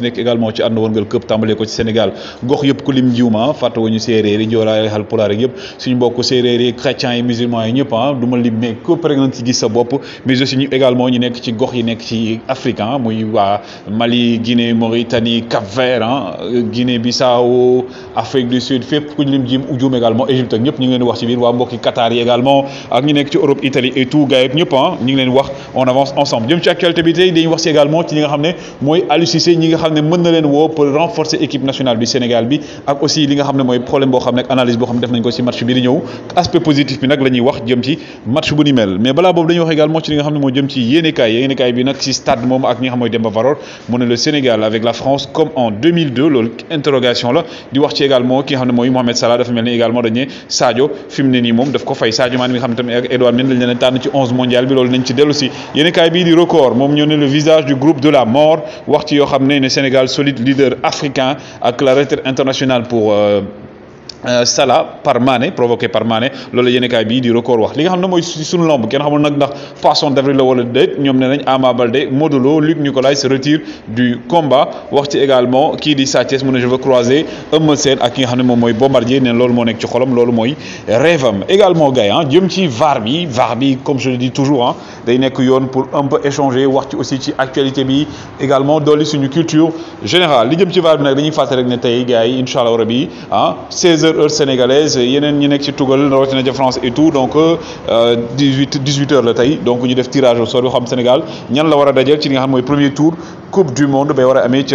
fi nekk également ci àdduna wërngal këpp tambalé ko ci Sénégal gox yëpp ku lim jiwma fàttewuñu séeréer yi hal Haalpulaar yëpp suñu bokk séeréer yi chrétiens yi musulman yi ñëpp ah duma ma lim mais ku par exemple ci gis sa bop mais aussi ñu également ñu nek ci gox yi nek ci Afrique ah, muy wa Mali Guinée Mauritanie Cap-Vert hein Guinée Bissau Afrique du Sud fep ku ñu lim jim juum également Égypte ak ñëpp ñu ngi leen wax ci bir wa mbokki Qatar yi également ak ñu nek ci Europe Italie et tout gars yëpp ñëpp ah ñu ngi leen wax on avance ensemble jëm ci actualité bi tay dañu wax si également ci li nga xamné moy mooy Cissé ñi nga xam ne mën na leen wo pour renforcer équipe nationale du Sénégal bi ak aussi li nga xamné moy problème bo xamné analyse bo xamné def nañ ko ci match bi di ñëw aspect positif bi nak lañuy wax jëm ci match bu ni mel mais bala bobu dañuy wax également ci li nga xamné ne jëm ci yéenekaay yéenekaay bi nak ci stade mom ak ñi nga xam mooy Demba Varor mu le Sénégal avec la France comme en 2002 lol interrogation la di wax ci également ki nga xam ne Mohamed Salah dafa melni ni également dañ Sadio fi mu ne daf ko fay Sadio Mané mi nga xam ne tamit ak Edouard Mendy lañu tan ci 11 mondial bi loolu nañ ci dellu si yéenekaay bi di record mom ñu le visage du groupe de la mort wax ci yo xamné ne Sénégal, solide leader africain, à la internationale pour euh, euh, sala par Mané provoqué par Mané loolu kay bi di record wax li nga xam moy suñu lamb kenn xamul nak ndax poisson d'avril la wala déet ñom ne nañ Ama Baldé Modou Luc Nicolaï se retire du combat wax ci également ki di satiès Thiès je veux croiser Eumeu Sène ak ki nga xam mom moy Bombardier né loolu mo nekk ci xolam loolu moy rêve am également gay hein ah, jëm ci VAR bi VAR bi comme je le dis toujours hein day nekk yoon pour un peu échanger wax ci aussi ci actualité bi également doli suñu culture générale li jëm ci VAR bi nag dañuy fàttali rek né tay gay inshallah rabbi ah, hein 16 heures heure sénégalaise yenen ñi nek ci tugal rawatina de France et tout donc 18 18h euh, la tay donc ñu def tirage au sort yu xam Sénégal ñan la wara a dajal ci nga xam moy premier tour coupe du monde bay wara a ci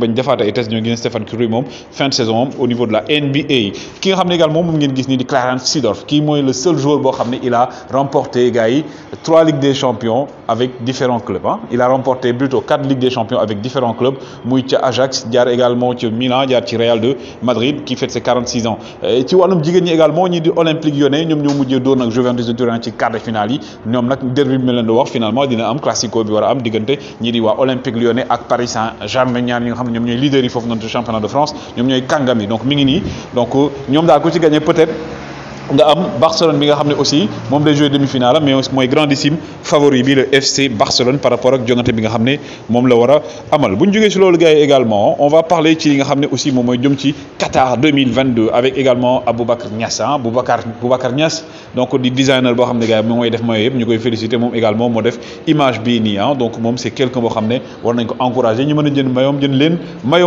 bañ defaat ay test ñoo ngi Stéphane Curry moom fin de saison moom au niveau de la NBA ki nga xam ne également moom ngeen gis ni di Clarence Sidorf, kii mooy le seul joueur boo xam ne il a remporté gars yi trois ligues des champions avec différents clubs hein. il a remporté plutôt quatre Ligues des Champions avec différents clubs muy Ajax a également ci Milan jaar ci Real de Madrid qui fête ses 46 ans ci nous jigéen ñi également ñi di Olympique Lyonnais nous ñoo mujjee dóor nous Juventus de Turin ci quart de finale Nous avons nag derby bi ma finalement dina am classico bi war a am diggante ñi di Olympique Lyonnais ak Paris Saint-Germain ñaar ñi nga xam ne ñoom leader yi championnat de France nous avons kàngam Kangami. donc mi donc donc ñoom daal ku ci gagné peut-être nga am Barcelone bi nga xamné aussi mom day joué demi-finale mais moy grandissime favori bi le FC Barcelone par rapport ak jongante bi nga xamné mom la wara a amal buñu ñu ci lolu loolu gars également on va parler ci li nga xamné aussi mom moy jom ci Qatar 2022 avec également Aboubacar Niass Aboubacar hein. Boubacar Boubacar Niass donc di designer bo xamné ne gars yi def moy yëpp ñukoy féliciter moom également mo def image bi ni hein donc mom c'est quelqu'un bo xamné war nañ ko encourager ñu mëna a jënd mayoom jënd leen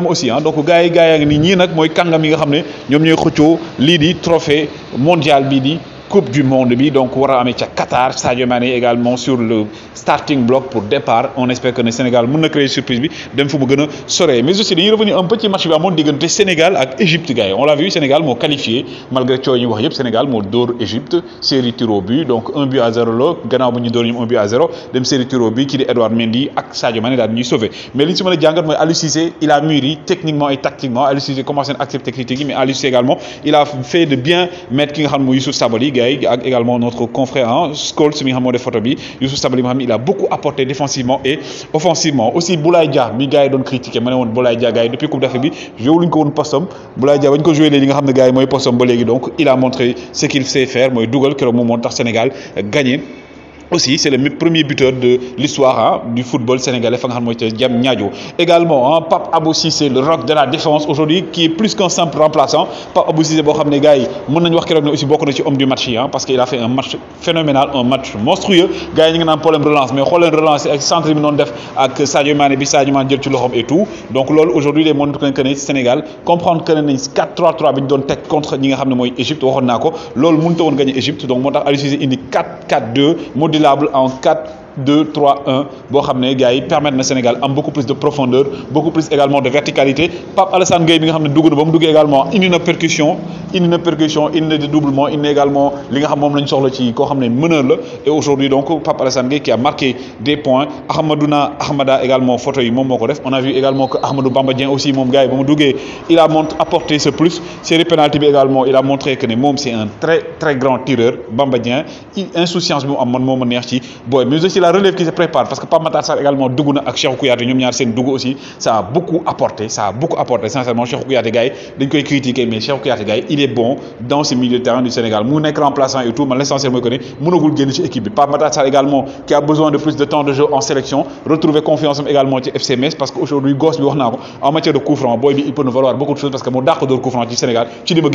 aussi hein donc gars yi gars ni, ngi nii ñii nag mooy yi nga xamné ñom ñoy ñooy li di trophée mondial sociale bii di coupe du monde bi donc war a amee Qatar Sadio Mané également sur le starting block pour départ on espère que le Sénégal mën na créer surprise bi dem fu mais aussi dañuy revenir un petit ci match bi amoon Sénégal ak Égypte on l'a vu Sénégal m'a qualifié malgré tout, le wax Sénégal m'a dóor Égypte série tir but donc un but à 0 le Ghana bu ñu dóor ñoom 1 but à 0 dem série tir au but kii Edouard Mendy ak Sadio Mané sauvé mais li ñu si a jàngat il a mûri techniquement et tactiquement Aliou Cissé commencé à accepter critiques mais Aliou également il a fait de bien mettre ki nga xam ne Youssouf Ndiaye également notre confrère hein, Scholes mi de xam moo def photo bi il a beaucoup apporté défensivement et offensivement aussi Boulaye Dia mi gars yi doon critiqué ma Boulaye Dia depuis Coupe d'Afrique bi joué luñ ko woon postom Boulaye Dia bañ ko joué léegi nga xam ne gars yi ba donc il a montré ce qu'il sait faire Moi, Dougal keroog moom moo Sénégal gagné aussi c'est le premier buteur de l'histoire hein, du football sénégalais défense nga xam également hein, Pape Abou c'est le rock de la défense aujourd'hui qui est plus qu'un simple remplaçant Pape Abou Cissé bon xam gars yi mën nañu wax aussi bon ci homme du match hein, parce qu'il a fait un match phénoménal un match monstrueux gars yi ñu relance mais relance avec centre avec Sadio Sadio et tout donc aujourd'hui les qui connaissent le Sénégal comprennent que 4-3-3 bi ñu contre l'Égypte nga xam ne Égypte gagner donc moo tax 4-4-2 en en 2, 3, 1, pour permettre au Sénégal am beaucoup plus de profondeur beaucoup plus également de verticalité Pape Alassane Gueye mi nga xam une na également Une percussion une percussion une dédoublement il également li nga xam moom la soxla ci meneur et aujourd'hui donc Pape Alassane Gueye qui a marqué des points Ahmadouna Ahmada également photo yi on a vu également que Ahmadou Bamba aussi moom gars yi ba il a montré apporté ce plus série penalty bi également il a montré que c'est un très très grand tireur Bamba Dieng insouciance bi mu am man moo neex ci booy la relève qui se prépare parce que Pape Matar également dugg ak Cheikh Kouyaté ñaar aussi ça a beaucoup apporté ça a beaucoup apporté sincèrement Cheikh Kouyaté gay dañ koy critiquer mais Cheikh Kouyaté il est bon dans ce milieu de terrain du Sénégal mu nek remplaçant et tout mais l'essentiel mooy connais ne mënagul génn ci équipe bi également qui a besoin de plus de temps de jeu en sélection retrouver confiance également ci FC Metz parce qu'aujourd'hui, gosse bi en matière de coup franc il peut nous valoir beaucoup de choses parce que mo dàq dóor coup franc ci Sénégal ci li ma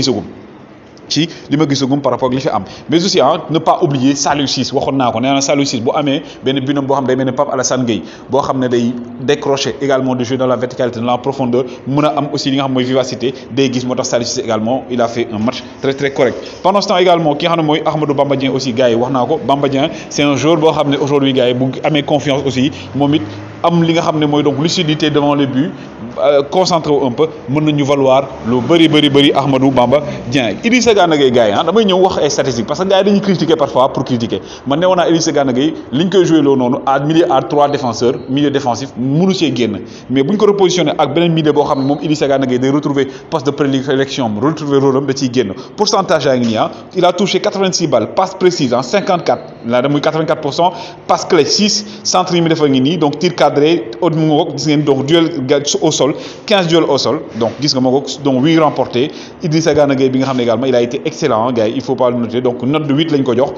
ci li ma gum par rapport ak li fi am mais aussi hein ne pas oublier Saliou Ciss waxoon naa ko nee na bu amé ben binôme bo xam day melni Pape Alassane Gueye bo xamné day décrocher également du jeu dans la verticalité dans la profondeur mun am aussi li nga xam moy vivacité day gis motax tax également il a fait un match très très correct pendant ce temps également ki nga xam ne mooy Ahmadou Bamba Dieng aussi gars yi wax naa Bamba Dieng c'est un joueur bo xamné aujourd'hui gars yi bu amé confiance aussi momit am li nga xamné moy donc lucidité devant le but euh, concentré un peu mën nañu valoir lu bari bari bari Ahmadou Bamba Dieng Idrissa Gana gay gars yi ah damay wax ay statistiques parce que gars yi dañuy critiquer parfois pour critiquer man on a Idrissa Gana Gueye liñ koy jouer lo nonu à milieu à trois défenseurs milieu défensif mënu see mais buñ ko repositionné ak benen milieu il xamné mom Idrissa de day retrouver poste de prédilection am retrouver rôle da ci pourcentage ngi ah, il a touché 86 balles passe précise ah, en 54 là dem 84 passe clé 6 centre mi mu def donc tir donc duel au sol 15 duels au sol donc gis nga donc 8 remportés Idrissa Gana Gueye il a été excellent hein, gars il faut pas le noter donc note de 8 lañ ko jox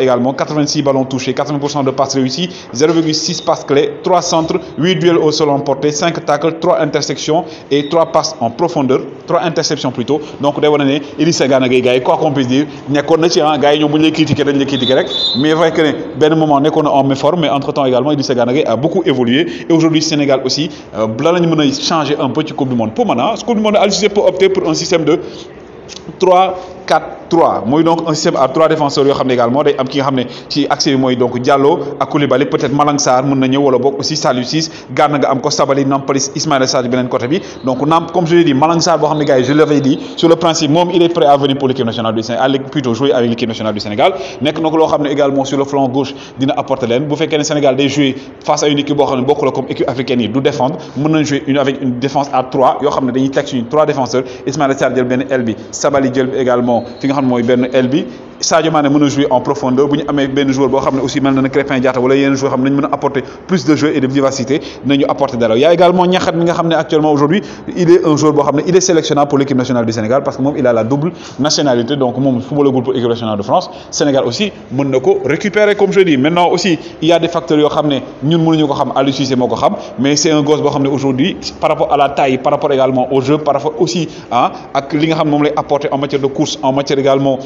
également 86 ballons touchés 80% de passes réussies 0,6 passes clés 3 centres 8 duels au sol remportés 5 tackles 3 intersections et 3 passes en profondeur 3 interceptions plutôt donc day y a Idrissa Gana Gueye gars quoi qu'on puisse dire nekkoon na ci hein. gars yi buñ bu lay critiquer dañ lay critiquer rek mais vrai que ben moment nekkoon na en meilleure mais entre temps également Idrissa Gana Gueye a beaucoup évoluer et aujourd'hui Sénégal aussi euh, la lañu changer un peu du coupe du monde pour maintenant coupe du monde a décidé pour opter pour un système de 3... 4-3 moy donc un système à trois défenseurs yo xamné ne également day am ki nga xam ci accès moy donc Diallo ak Koulibaly peut-être Malang Sar mën na ñëw wala bok aussi Saliou Ciss Gana nga am ko Sabaly Nampalys Ismaël Sadio beneen côté bi donc Namp comme je l'ai dit Malang Sar bo xamné gars je l'avais dit sur le principe mom il est prêt à venir pour l'équipe nationale du Sénégal plutôt jouer avec l'équipe nationale du Sénégal nek na lo xamné également sur le flanc gauche dina apporter leen bu fekkee le Sénégal day jouer face à une équipe bo xamné bokku la comme équipe africaine yi du défendre mën na jouer une avec une défense à 3 yo xamné dañuy tek suñu trois défenseurs Ismaël Sarr jël benn LB. bi Sabaly jël également fi nga xam ne mooy benn aile bi Sadio Mané mën jouer en profondeur buñu amé ben joueur bo xamné aussi melna na Crépin Diatta wala yeneen joueur xam ne nañu apporter plus de jeu et de vivacité nañu apporter dara y'a également Niakhat mi nga xamné actuellement aujourd'hui il est un joueur bo xamné il est sélectionnable pour l'équipe nationale du Sénégal parce que mom il a la double nationalité donc mom football pour équipe nationale de France Sénégal aussi mën na récupérer comme je dis maintenant aussi il y a des facteurs yo xamné ñun mënuñu ko xam Ali Cissé moko xam mais c'est un gosse bo xamné aujourd'hui par rapport à la taille par rapport également au jeu par rapport aussi hein ak li nga xam mom lay apporter en matière de course en matière également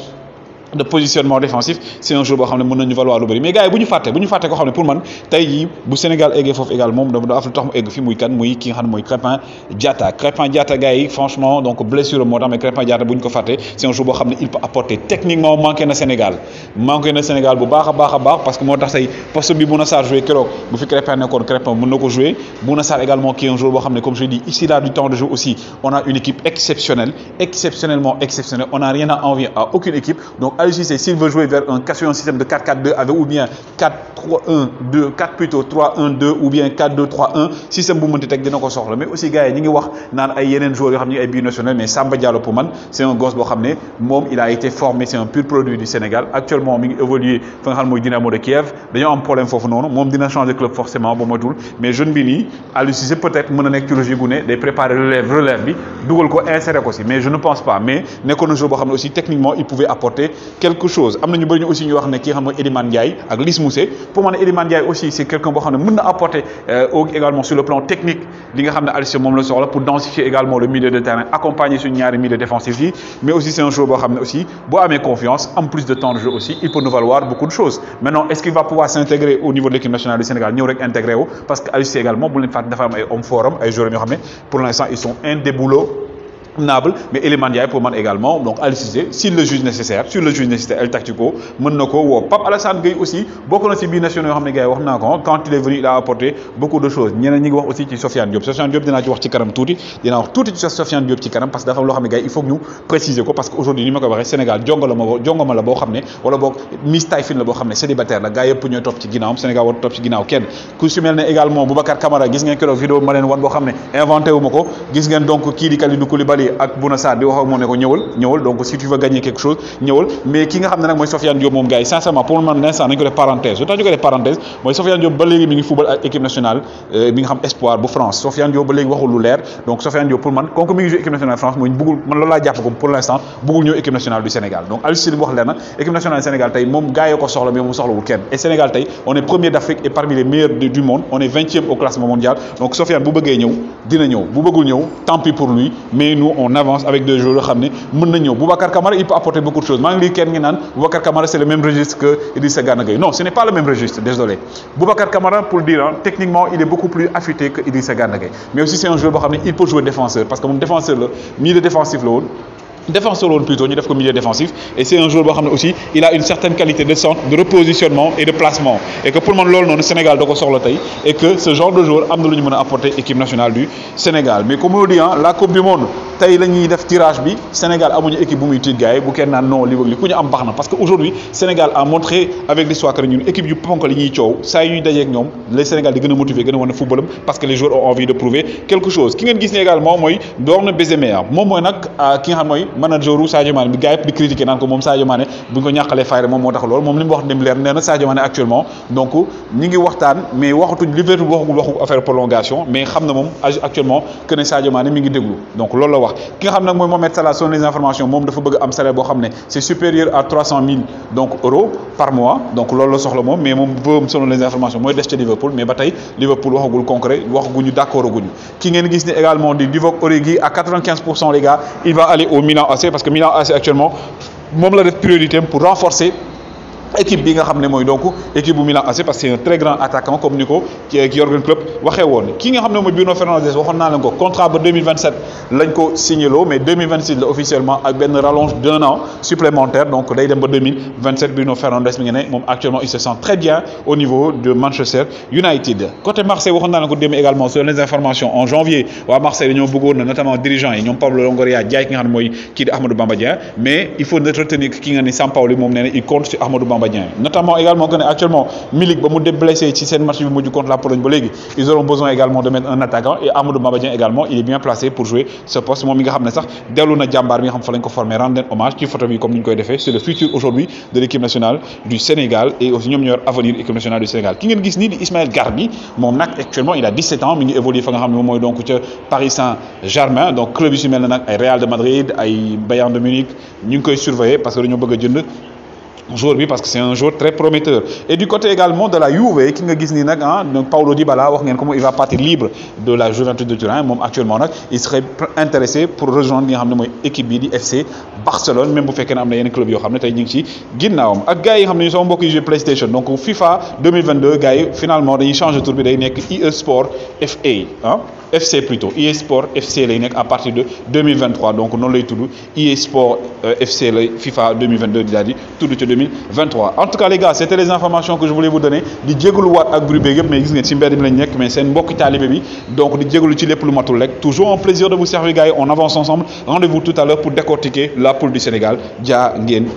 de positionnement défensif c'est un jour boo xam ne nañu valoir lu mais gars yi bu ñu fàtte bu ko pour man tey jii bu Sénégal eggee foofu égal moom dafa dafa tax mu egg fi muy kan muy ki nga Crépin Diatta Crépin Diatta gars yi franchement donc blessure au tax mais Crépin Diatta bu ñu ko fàtte c'est un jour boo il peut apporter techniquement manqué na Sénégal manqué na Sénégal bu baax a baax parce que moo tax tey poste bi Bouna Sarr jouer keroog bu fi Crépin nekkoon Crépin mën na jouer bon à Sarr également qui un jour boo comme je dis ici là du temps de jeu aussi on a une équipe exceptionnelle exceptionnellement exceptionnelle on n'a rien à envier à aucune équipe donc s'il veut jouer vers un, un système de 4-4-2 avec ou bien 4-3-1-2, 4 plutôt 3-1-2 ou bien 4-2-3-1. Système vous monter avec des noms Mais aussi, gars, il y a des joueurs qui sont National, mais Samba Diallo pour c'est un gosse qui mom il a été formé, c'est un pur produit du Sénégal. Actuellement, il évolue le Dynamo de Kiev. D'ailleurs, un problème fort non, mom dina changer de club forcément, bon, mais jeune Bini, à c'est peut-être, mon anecdote qui Gouné, de préparer relève, relève, double quoi, insérer aussi. Mais je ne pense pas. Mais, nous connaissons aussi techniquement, il pouvait apporter quelque chose Amna ñu aussi ñu wax né ki ak Moussé pour moi, Ediman Ndiaye aussi c'est quelqu'un qui a apporté apporter euh, également sur le plan technique li nga mom la soxla pour densifier également le milieu de terrain accompagner ce ñaari milieu défensif mais aussi c'est un joueur qui a aussi confiance en plus de temps de jeu aussi il peut nous valoir beaucoup de choses maintenant est-ce qu'il va pouvoir s'intégrer au niveau de l'équipe nationale du Sénégal ñeu rek intégrer parce que également bu leen fàtte dafa am ay pour l'instant ils sont un boulots. Nable, mais Eleman Diaye pour moi également. Donc, à Cissé, s'il le juge nécessaire, sur le juge nécessaire, El Tactico, Mennoko, ou Pape Alassane Gueye aussi, beaucoup de ces nationaux, quand il est venu, il a apporté beaucoup de choses. Il y a aussi qui Sofiane Diop. Sofiane Diop, il y a tout qui il y a tout qui Sofiane Diop qui parce que d'abord, il faut que nous précisions, parce qu'aujourd'hui, nous au Sénégal, Djongo la bo xamné wala bok Miss Typhine la bo xamné célibataire la gaay yëpp ñoy top ci ginnaawam Sénégal war top ci ginnaaw kenn ku su mel également Boubacar Camara gis ngeen kéro vidéo Malen leen wan bo xamné inventé wu mako gis ngeen donc kii di Kalidou Koulibaly Boukhari ak Bouna Sarr di wax ak ne ko ñëwal ñëwal donc si tu veux gagner quelque chose ñëwal mais ki nga xamne ne moy Sofiane Diop mom gaay yi sincèrement pour man l'instant nañu ko def parenthèse lu ñu ko def parenthèse moy Sofiane Diop ba légui mi ngi football ak équipe nationale euh, mi nga xam espoir bu France Sofiane Diop ba légui waxul lu leer donc Sofiane Diop pour man comme que mi ngi jouer équipe nationale France moy bëggul man loolu laa ko pour l'instant bëggul ñëw équipe nationale du Sénégal donc Aliou wax leer na équipe nationale du Sénégal tay mom gars yi ko soxla mais soxla wu kenn et Sénégal tay on est premier d'Afrique et parmi les meilleurs du monde on est 20e au classement mondial donc Sofiane bu bëggee ñew dina ñew bu bëggul ñew tant pis pour lui mais nous on avance avec deux joueurs Boubacar Kamara il peut apporter beaucoup de choses Même ngi kenn Boubacar Kamara C'est le même registre que Idrissa non ce n'est pas le même registre désolé Boubacar Kamara pour le dire hein, techniquement il est beaucoup plus affûté que Idrissa Gana mais aussi c'est un joueur boo il peut jouer défenseur parce que mon défenseur Il milieu défensif là défenseur rôle plutôt, nous devons milieu défensif. Et c'est un joueur qui aussi, il a une certaine qualité de centre, de repositionnement et de placement. Et que pour le moment, le Sénégal doit sort le Et que ce genre de joueur, nous a apporté l'équipe nationale du Sénégal. Mais comme on dit, hein la Coupe du Monde, taille la def tirage bi Sénégal amuñu équipe bu muy tiit gars yi bu non li bëgg li ku am parce que aujourd'hui Sénégal a montré avec l'histoire que une équipe yu ponk li ñuy ça a eu ñuy dajeeg les Sénégal di gën a motiver gën a footballam parce que les joueurs ont envie de prouver quelque chose ki ngeen gis ne également mooy Borna Bésséméa moi mooy nag ah, ki nga xam manager u Sadio Mané bi gars yëpp critiquer naan ko moom Sadio Mané bu ko ñàqalee fayre mom moo tax loolu moom li wax dem leer néna na Sadio Mané actuellement donc ñi ngi waxtaan mais waxatu Liverpool waxagul waxu affaire prolongation mais xamna mom actuellement que né Sadio Mané mi ngi déglu donc loolu la wax ki nga xam nag mooy Mohamed Salah son les informations mom dafa bëgg am salaire bo xamné c'est supérieur à 300 000 donc euros par mois donc loolu la soxla mom mais mom vëm selon les informations moy des ca Liverpool mais batay Liverpool waxagul concret waxaguñu d'accord aguñu ki ngeen gis ni également di Divock Origi à 95 les gars il va aller au Milan parce que Milan AC actuellement moom la priorité pour renforcer équipe bi nga donc équipe bu Milan AC parce que c'est un très grand attaquant comme qui qui Jürgen Klopp club won ki nga xamné moy Bruno Fernandes waxon contrat pour 2027 lañ ko lo mais 2026 officiellement avec une rallonge d'un an supplémentaire donc day dem ba 2027 Bruno Fernandes mi actuellement il se sent très bien au niveau de Manchester United côté Marseille waxon a également sur les informations en janvier wa Marseille a bëggoon notamment dirigeants yi Pablo Longoria jaay ki nga xamné Ahmadou Bamba mais il faut retenir ki nga ni Sampaoli mom il compte sur Ahmadou Bamba notamment également que est actuellement Milik ba dé blessé ci seen match bi du contre la Pologne ba ils auront besoin également de mettre un attaquant et Amadou Mabadien également il est bien placé pour jouer ce poste moom mi nga xam ne sax dellu na jàmbaar nga xam fa lañ ko formé rendre hommage ci photo bi comme une coïncidence koy c'est le futur aujourd'hui de l'équipe nationale du Sénégal et aux ñoom à venir avenir équipe nationale du Sénégal ki ngeen gis Ismaël Garbi mon acte actuellement il a 17 ans il évolue évolué fa nga xam donc Paris Saint-Germain donc club ici maintenant Real de Madrid ay Bayern de Munich ñu ngi surveiller parce que dañoo bëgg Aujourd'hui, bi parce que c'est un jour très prometteur et du côté également de la Juve qui nga gis ni nak ah, donc Paulo Dybala wax ngeen comment il va partir libre de la Juventus de Turin mom actuellement il serait intéressé pour rejoindre li nga xam moy équipe bi di FC Barcelone même bu fekké ne am na yenn club yo xam tay tey ñu ngi ci ginnawam ak gaay yi xam ñu sama mbokk yi PlayStation donc FIFA 2022 gaay finalement dañuy changer tour bi day nekk EA Sport FA ah. FC plutôt e-sport, FC lay à partir de 2023 donc non lay e-sport, euh, FC Le FIFA 2022 déjà dit, tout tudd 2023 en tout cas les gars c'était les informations que je voulais vous donner di Diego waat ak bruit beeg mais gis ngeen ci mbedd bi mais donc di Diego ci lépp lu matul toujours un plaisir de vous servir gars on avance ensemble rendez-vous tout à l'heure pour décortiquer la poule du Sénégal Dia ngeen